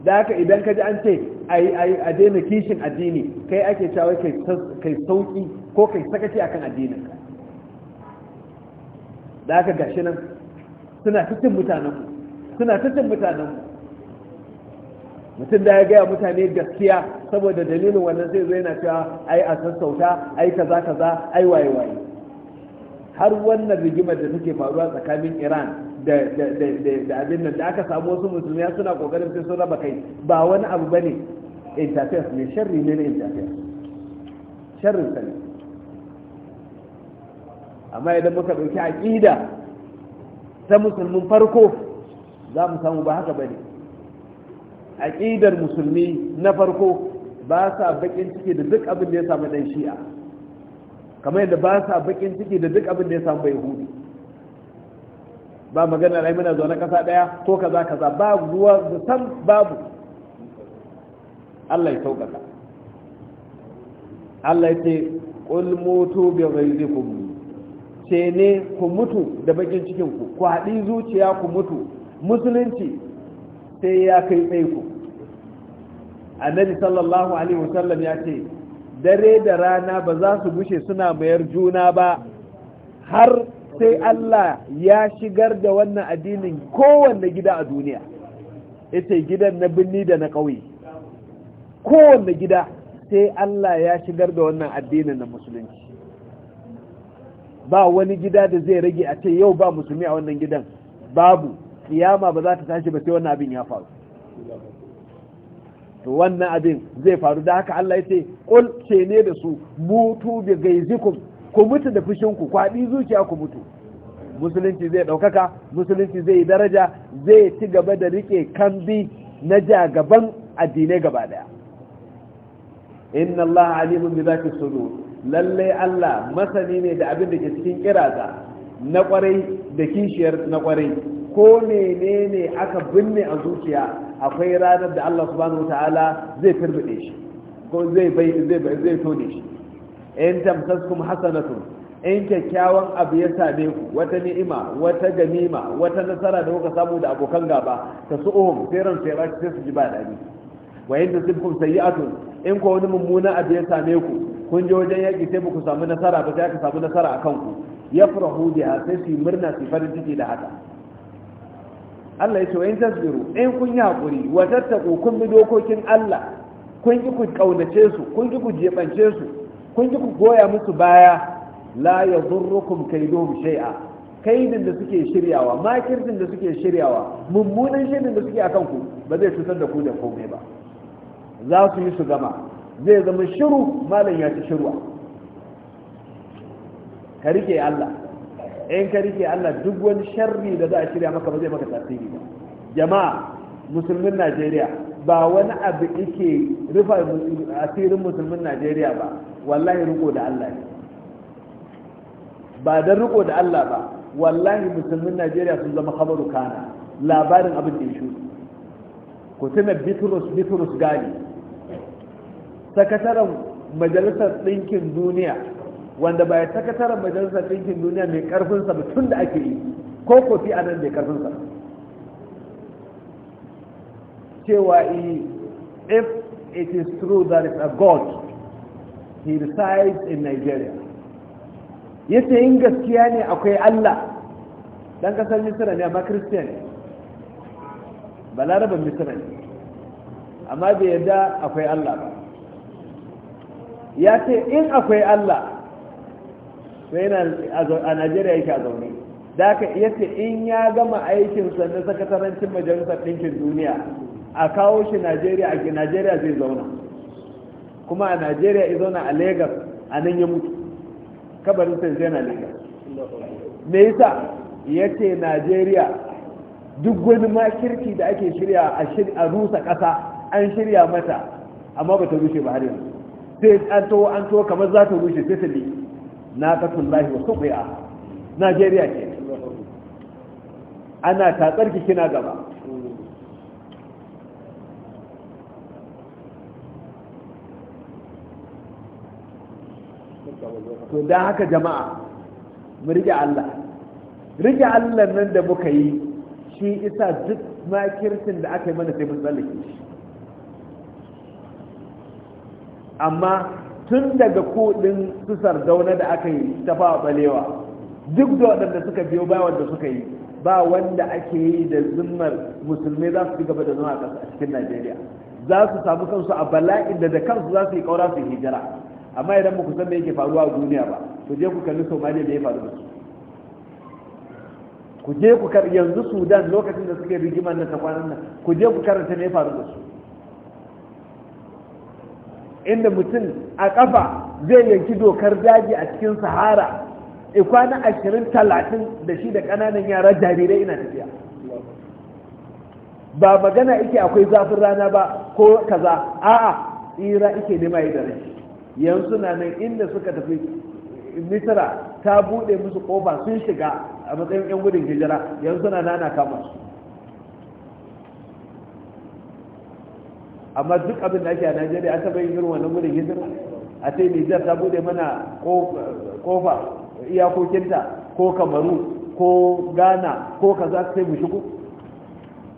da haka idan ka ji an ce a daina kishin addini kai ake cewa kai sauki ko kai sakaci akan addininka da aka gashi nan suna fitin mutanenmu suna fitin mutanenmu mutum da ya gaya mutane gaskiya saboda dalilin wannan sai zai na cewa ai a sassauta ai kaza kaza ai waye waye har wannan rigimar da take faruwa tsakanin iran da abin nan da aka samu wasu musulmiya suna kokarin sai sun raba kai ba wani abu ba ne interface ne sharri ne na interface sharrin sani amma idan muka ɗauki aƙida ta musulmin farko za mu samu ba haka ba ne aƙidar musulmi na farko ba sa baƙin ciki da duk abin da ya samu ɗan shi'a kamar yadda ba sa baƙin ciki da duk abin da ya samu bai hudu ba magana ai muna zaune ƙasa ɗaya ko kaza kaza ba ruwa da san babu Allah ya sauƙaƙa Allah ya ce qul mutu zai kuma ce ku mutu da bakin cikinku ku haɗi zuciya ku mutu musulunci sai ya kai tsaiko annabi sallallahu alaihi wasallam ya ce dare da rana ba za su bushe suna mayar juna ba har sai Allah ya shigar da wannan addinin kowanne gida a duniya ita gidan na birni da na ƙauye kowanne gida sai Allah ya shigar da wannan addinin na musulunci ba wani gida da zai rage a ce yau ba musulmi a wannan gidan babu kiyama ba za ta tashi ba sai wannan abin ya faru to wannan abin zai faru da haka Allah ya ce kul ce ne da su mutu bi gaizikum ku mutu da fushinku kwaɗi zuciya ku mutu musulunci zai ɗaukaka musulunci zai yi daraja zai ci gaba da rike kambi na ja gaban addinai gaba daya inna Allah alimun bi zati sudur lallai Allah masani ne da abin da ke cikin kiraza na kwarai da kishiyar na kwarai ko menene aka binne a zuciya akwai ranar da Allah subhanahu wataala zai firbide shi ko zai bai zai bai zai tone shi in tamsaskum hasanatun in kyakkyawan abu ya same ku wata ni'ima wata ganima wata nasara da kuka samu da abokan gaba ta su'uhum sai ran sai sai su ji ba dadi wa in tusibkum sayi'atun in ko wani mummuna abu ya same ku kun je wajen yaƙi sai ba ku samu nasara ba sai aka samu nasara a kanku ya hudu biha sai su yi murna su farin ciki da haka Allah ya ce wa in tasbiru in kun yi haƙuri wa tattaku kun bi dokokin Allah kun ki ku kaunace su kun ki ku jebance su kun ki ku goya musu baya la yadurrukum kaiduhum shay'a kaidin da suke shiryawa makircin da suke shiryawa mummunan shirin da suke akan ku ba zai cutar da ku da komai ba za su yi su gama zai zama shiru malam ya ci shirwa ka rike Allah in ka rike Allah duk wani sharri da za a shirya maka ba zai maka tasiri ba jama'a musulmin Najeriya ba wani abu yake rufa asirin musulmin Najeriya ba wallahi riko da Allah ne ba don riko da Allah ba wallahi musulmin Najeriya sun zama khabaru kana labarin abin da ya shuɗi ku tuna bitrus bitrus gani sakataren majalisar ɗinkin duniya wanda ba ya sakataren majalisar ɗinkin duniya mai ƙarfinsa ba tun da ake yi ko kofi a nan mai ƙarfinsa cewa if it is true that it's a god he resides in nigeria yace in gaskiya ne akwai allah dan kasar misira ne amma christian balarabin misira ne amma bai yarda akwai allah ba ya ce in akwai Allah sai yana a Najeriya yake a zaune da aka ya ce in ya gama aikin sannan sakatarancin majalisar ɗinkin duniya a kawo shi Najeriya a Najeriya zai zauna kuma a Najeriya ya zauna a Legas a nan ya mutu kabarin sai zai na Lagos me yasa ya ce Najeriya duk wani makirki da ake shirya a rusa ƙasa an shirya mata amma ba ta rushe ba har yanzu sai an to an to kamar za ta rushe sai sai bi na katun lahi wa a Najeriya ke ana tatsar kina gaba to da haka jama'a mu rike Allah rike Allah nan da muka yi shi isa duk makircin da aka yi mana sai mun tsallake shi amma tun daga kudin su zaune da aka yi ta fawa balewa duk da waɗanda suka biyo ba wanda suka yi ba wanda ake yi da zimmar musulmai za su ci gaba da zama a cikin najeriya za su samu kansu a bala'in da da kansu za su yi kaura su hijira amma idan muku san me yake faruwa a duniya ba ku je ku kalli somaliya da ya faru da su ku je ku kar yanzu sudan lokacin da suke rigimar da ta kwanan nan ku je ku karanta me ya faru da su inda mutum a ƙafa zai yanki dokar daji a cikin sahara e kwana ashirin talatin da shi da ƙananan yara jarirai ina tafiya ba magana ike akwai zafin rana ba ko kaza a'a tsira ike nema yi da rashi yanzu na nan inda suka tafi misira ta buɗe musu ƙofa sun shiga a matsayin 'yan gudun hijira yanzu na nana kama su amma duk abin da ake a najeriya an taba yin irin wannan gudun hijira a ce nijar ta bude mana kofa iyakokinta ko kamaru ko ghana ko kaza sai mu shigo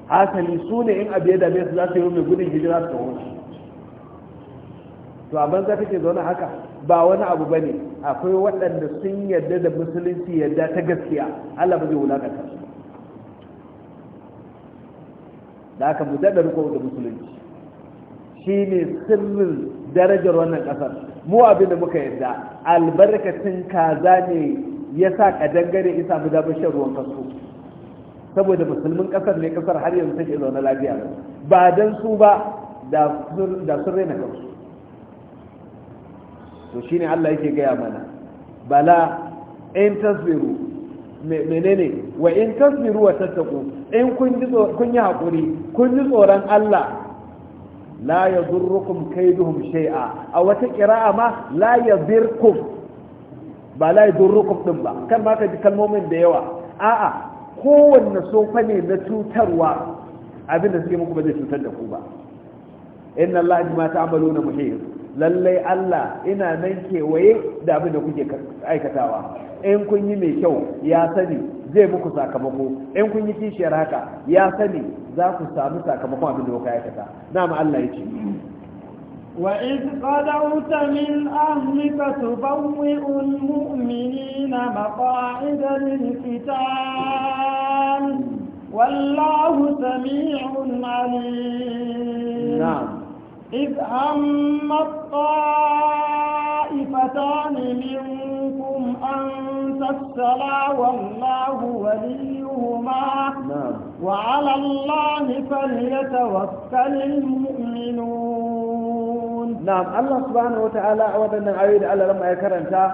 hasali su ne in abu ya dame su za su yi mai gudun hijira su kawo to a banza kake zaune haka ba wani abu ba ne akwai waɗanda sun yarda da musulunci yarda ta gaskiya allah ba zai wulakanta su da aka mu daɗa riko da musulunci ne sirrin darajar wannan ƙasar mu abin da muka yarda albarkacin kaza ne ya sa kadangare isa mu damar shan ruwan kasu saboda musulmin ƙasar ne ƙasar har yanzu take zaune lafiya ba dan su ba da sun raina kansu to shine Allah yake gaya mana bala in tasbiru menene wa in tasbiru wa tattaku in kun yi hakuri kun yi tsoron Allah la yadurrukum kaiduhum shay'a a wata qira'a ma la yadirkum ba la yadurrukum din ba kan ma ka ji kalmomin da yawa a'a kowanne sofa ne na cutarwa abin da suke muku ba zai cutar da ku ba inna Allah bima ta'maluna muhir lallai Allah ina nan kewaye da abin da kuke aikatawa in kun yi mai kyau ya sani zai muku sakamako in kun yi kishiyar haka ya sani za ku samu sakamako abin da kuka aikata na'am Allah ya ce وإذ قدوت من أهلك تبوئ المؤمنين مقاعد للقتال والله سميع عليم نعم إذ هم الطائفتان منكم الصلاة والله وليهما نعم وعلى الله فليتوكل المؤمنون نعم الله سبحانه وتعالى ودنا عيد على لما يكرنتا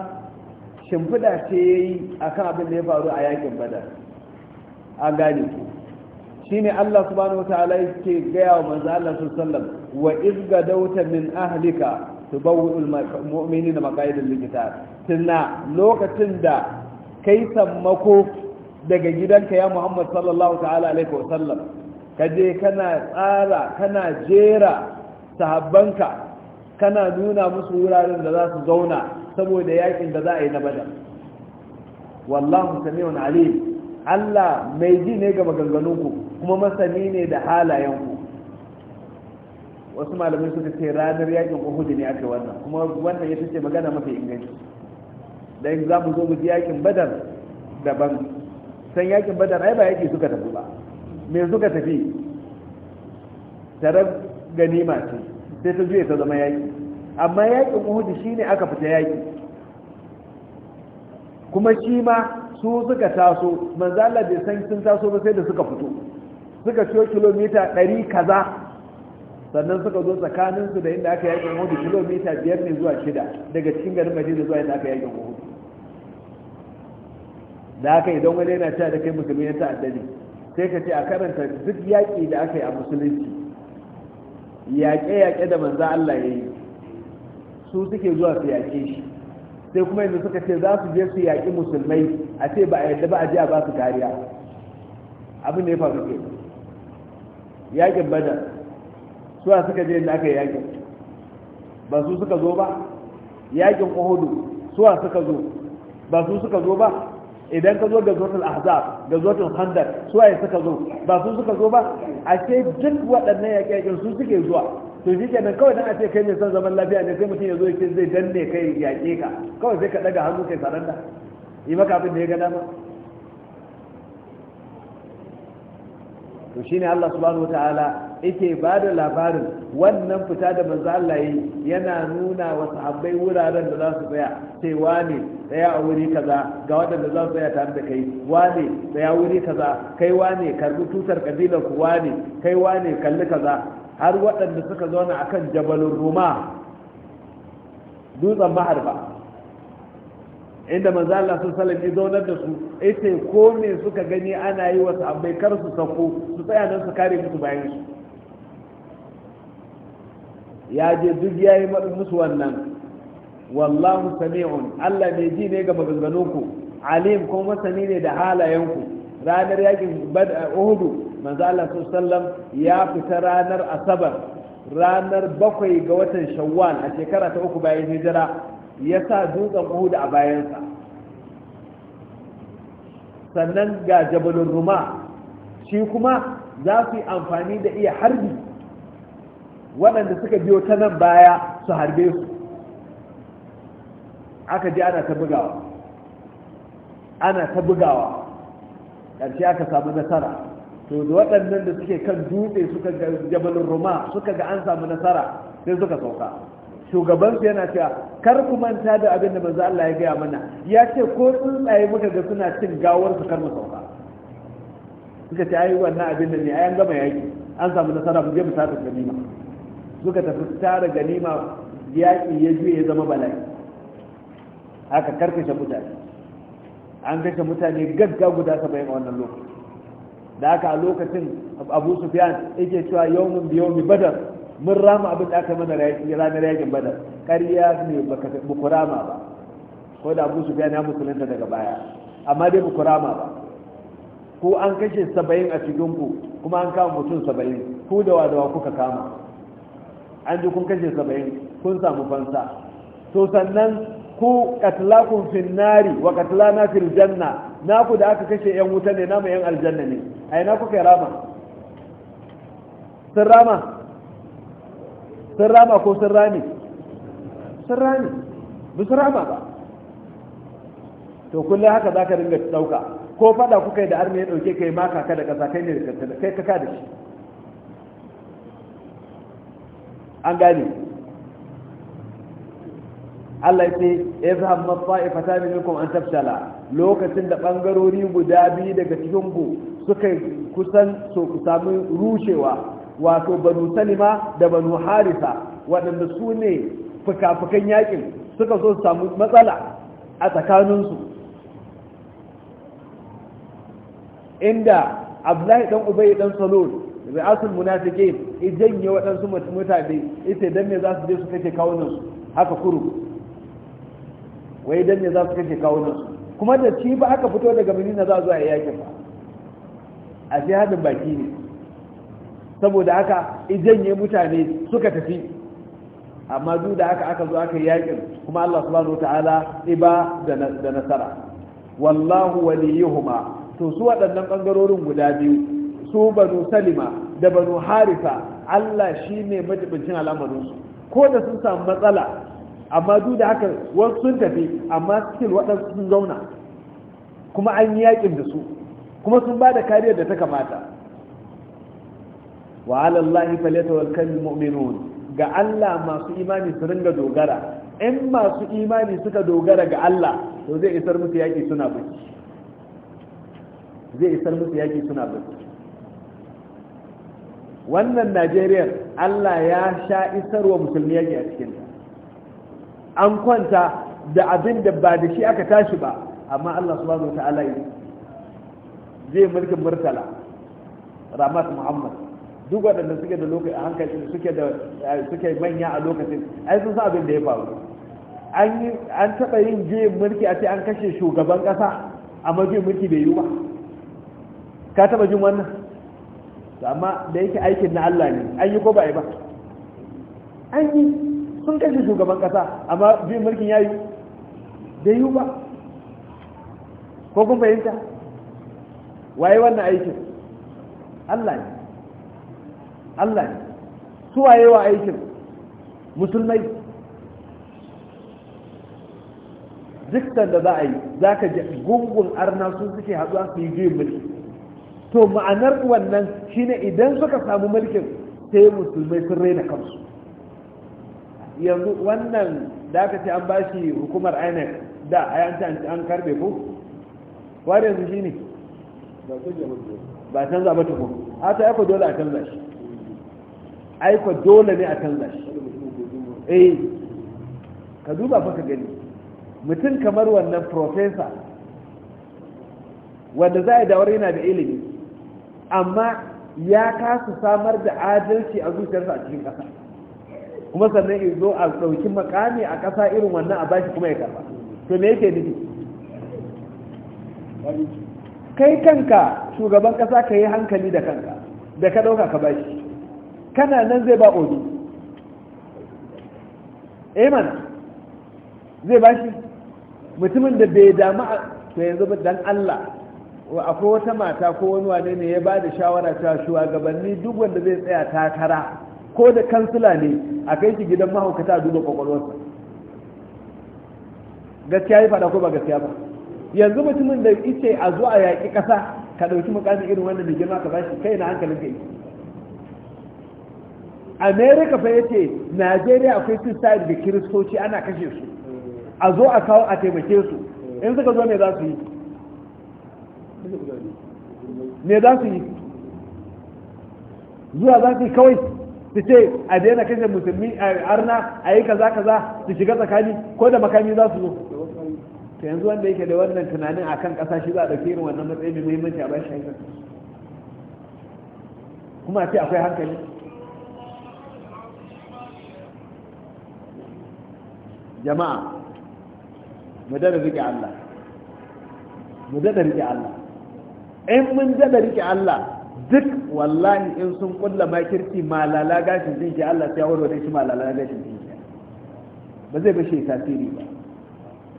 shimfiɗa ce ya yi a kan abin da ya faru a yakin badar an gane ku shi ne allah subhanahu wa ta'ala yake gaya wa manzo sallam wa izga dauta min ahlika tubawwi'ul mu'minina maqaidal likita. tunna lokacin da kai sammako daga gidanka ya muhammad sallallahu ta'ala alaihi wasallam ka je kana tsara kana jera sahabbanka kana nuna musu wuraren da za su zauna saboda yakin da za a yi na badar wallahu sami'un alim Allah mai ji ne ga maganganunku kuma masani ne da halayenku wasu malamai suka ce ranar yakin Uhud ne aka wannan kuma wannan ya ce magana mafi inganci dan za mu zo mu ji yakin badar daban san yakin badar ai ba yake suka tafi ba me suka tafi tare ganima ce sai ta zuwa ta zama yaki amma yakin uhud shine aka fita yaki kuma shi ma su suka taso manzo Allah bai san sun taso ba sai da suka fito suka ciyo kilomita 100 kaza sannan suka zo tsakaninsu da inda aka yakin uhud kilomita 5 ne zuwa 6 daga cikin garin Madina zuwa inda aka yakin uhud da yi don wani yana cewa da kai musulmi ya ta'adda ne sai ka ce a karanta duk yaƙi da aka yi a musulunci yaƙe-yaƙe da manzan Allah ya yi su suke zuwa su yaƙe shi sai kuma yanzu suka ce za su je su yaƙi musulmai a ce ba a yadda ba a ji a ba su kariya abin da ya faru ke yaƙin badar suwa suka je da aka yi yaƙin ba su suka zo ba yaƙin uhudu suwa suka zo ba su suka zo ba idan ka zo ga zotul ahzab ga zotul handar su waye suka zo ba su suka zo ba a ce duk waɗannan yaƙe-yaƙen su suke zuwa to shi nan kawai dan a ce kai mai son zaman lafiya ne sai mutum ya zo yake zai danne kai yaƙe ka kawai sai ka daga hannu kai saranda yi maka abin da ya ga dama to shine Allah subhanahu wataala yake ba da labarin wannan fita da manzo Allah yi yana nuna wa sahabbai wuraren da za su tsaya sai wane tsaya a wuri kaza ga waɗanda za su tsaya tare da kai wane tsaya wuri kaza kai wane karbi tutar kabilar ku wane kai wane kalli kaza har waɗanda suka zauna akan jabalin ruma dutsen maharba inda manzo Allah sun salam ya zaunar da su ita ko me suka gani ana yi wa sahabbai kar su sako su tsaya don su kare musu bayan su ya je duk ya yi musu wannan wallahu sami'un Allah mai ji ne ga maganganunku alim kuma masani ne da halayenku ranar yakin uhudu manzo Allah sallam ya fita ranar asabar ranar bakwai ga watan shawwal a shekara ta uku bayan hijira ya sa dutsen uhudu a bayansa sannan ga jabalin ruma shi kuma za su yi amfani da iya harbi waɗanda suka biyo ta nan baya su harbe su aka je ana ta bugawa ana ta bugawa ƙarshe aka samu nasara to da waɗannan da suke kan dutse suka ga jabalin roma suka ga an samu nasara sai suka sauka shugabansu yana cewa kar ku manta da abin da manzo Allah ya gaya mana ya ce ko tsuntsaye muka ga suna cin gawar su kar mu sauka suka ce ai wannan abin da ne ai an gama yaki an samu nasara mu je mu sata ganima suka tafi tara ganima yaƙi ya juye ya zama bala'i aka karkashe mutane an kashe mutane gagga guda saba'in a wannan lokaci da aka a lokacin abu sufyan yake cewa yawmin biyo mu badar mun rama abin da aka mana ranar yakin badar ƙarya ne ba rama ba ko da abu sufyan ya musulunta daga baya amma dai ba rama ba ko an kashe saba'in a cikin ku kuma an kama mutum saba'in ku da wa kuka kama an ji kun kashe saba'in kun samu fansa to sannan ku katlakun finnari wa katlana fil janna naku da aka kashe yan wuta ne namu yan aljanna ne ai na kuka rama sun rama sun rama ko sun rami? sun rami, ba sun rama ba to kullum haka za ka ringa ɗauka ko faɗa kuka yi da armi ya ɗauke kai maka ka da ƙasa kai ne kai ka da shi an gane Allah ce ya fi hamma fa'ifata minkum an tafshala lokacin da ɓangarori guda biyu daga cikin ku suka kusan so ku sami rushewa wato banu salima da banu harisa waɗanda su ne fuka-fukan yakin suka so su samu matsala a tsakaninsu inda abdullahi dan ubai dan salon ra'asul munafiqin ijanye waɗansu mutane ita dan me za su je su kake nan su haka kuru wai dan me za su kake nan su kuma da shi ba aka fito daga Madina za zuwa yake fa a sai hadin baki ne saboda haka ijanye mutane suka tafi amma duk da haka aka zo aka yakin kuma Allah subhanahu wataala iba da nasara wallahu waliyuhuma to su waɗannan ɓangarorin guda biyu su banu salima da banu harifa Allah shi ne majibincin al'amarinsu ko da sun samu matsala amma duk da haka wasu sun tafi amma still waɗansu sun zauna kuma an yi yaƙin da su kuma sun ba da kariyar da ta kamata wa alallahi falyatawakkalul mu'minun ga Allah masu imani su ringa dogara in masu imani suka dogara ga Allah to zai isar musu yaki suna baki zai isar musu yaki suna baki wannan najeriya allah ya sha isarwa musulmi yake a cikinta an kwanta da abin da ba da shi aka tashi ba amma allah subhanahu wa ta'ala zai mulkin murtala ramat muhammad duk waɗanda suke da lokaci a hankali suke da eh, suke manya a lokacin ai sun san abin da ya faru an yi an taɓa yin juyin mulki a ce an kashe shugaban ƙasa amma juyin mulki bai yi ba ka taɓa jin wannan amma da yake aikin na Allah ne an yi ko ba yi ba an yi sun kashe shugaban kasa amma bin mulkin ya yi da yi ba ko kun fahimta waye wannan aikin Allah ne Allah ne su waye wa aikin musulmai dukkan da za a yi za ka ji gungun arna sun suke haɗuwa su yi juyin mulki to ma'anar wannan shine idan suka samu mulkin sai musulmai sun raina kansu yanzu wannan da aka ce an bashi hukumar inec da a yanci an karbe ko wani yanzu shi ne ba canza ba tukun a ta aiko dole a canza shi aiko dole ne a canza shi eh ka duba fa ka gani mutum kamar wannan profesa wanda za a dawar yana da ilimi amma ya kasa samar da adalci a zuciyarsa a cikin ƙasa kuma sannan ya zo a ɗauki makami a ƙasa irin wannan a bashi kuma ya karɓa to me yake nufi kai kanka shugaban ƙasa ka yi hankali da kanka da ka ɗauka ka bashi kana nan zai ba obi eman eh zai bashi mutumin da bai damu to yanzu dan Allah akwai wata mata ko wani wane ne ya ba da shawara cewa shugabanni duk wanda zai tsaya takara ko da kansila ne a kai shi gidan mahaukata duba kwakwalwarsa gaskiya ya faɗa ko ba gaskiya ba yanzu mutumin da ice a zo a yaƙi ƙasa ka ɗauki mukamin irin wannan mai girma ka ba shi kai na hankalin ka yi america fa yace najeriya akwai suicide da kiristoci ana kashe su a zo a kawo a taimake su in suka zo ne za su yi me za su yi zuwa za su yi kawai su ce a daina kashe musulmi a arna a yi kaza kaza su shiga tsakani ko da makami za su zo ta yanzu wanda yake da wannan tunanin akan kasa shi za a ɗauki irin wannan matsayi mai muhimmanci a bashi haifar kuma a ce akwai hankali jama'a mu dada rike Allah mu dada rike Allah in mun jada rike Allah duk wallahi in sun kulla makirci malala gashin dinki Allah sai ya warware shi malala gashin dinki ba zai bashe tasiri ba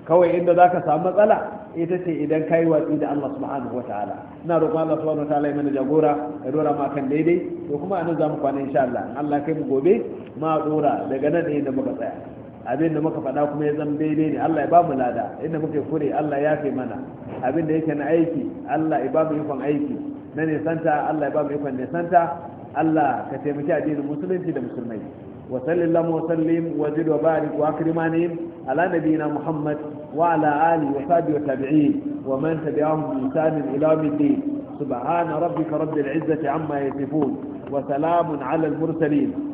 kawai inda za ka samu matsala ita ce idan ka yi watsi da Allah subhanahu wataala ina roƙon Allah subhanahu wataala ya mana jagora ya dora ma kan daidai to kuma anan za mu kwana insha Allah Allah kai mu gobe ma dora daga nan ne da muka tsaya abin da muka faɗa kuma ya zan daidai ne Allah ya ba mu lada inda muka kure Allah ya fi mana abin da yake na aiki Allah ya ba mu ikon aiki na nisanta Allah ya ba mu ikon nisanta Allah ka taimaki addinin musulunci da musulmai wa sallallahu wa sallim wa jid wa barik wa akrimanihim ala nabiyina Muhammad wa ala alihi wa sahbihi wa tabi'in wa man tabi'ahum bi ihsan ila yawmiddin subhana rabbika rabbil izzati amma yasifun wa salamun ala mursalin